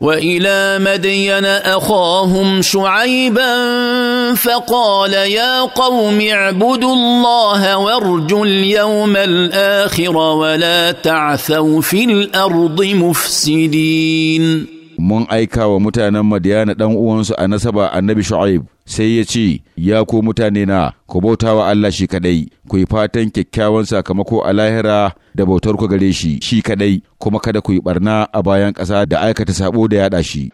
والى مدين اخاهم شعيبا فقال يا قوم اعبدوا الله وارجوا اليوم الاخر ولا تعثوا في الارض مفسدين mun aika wa mutanen Madiyana dan uwansu a nasaba annabi Shu'aib sai ya ce, Ya ku mutane na, ku bauta wa Allah shi kaɗai, ku yi fatan kyakkyawan sakamako a lahira da bautar ku gare shi shi kaɗai, kuma kada ku yi barna a bayan ƙasa da aikata sabo da yada shi.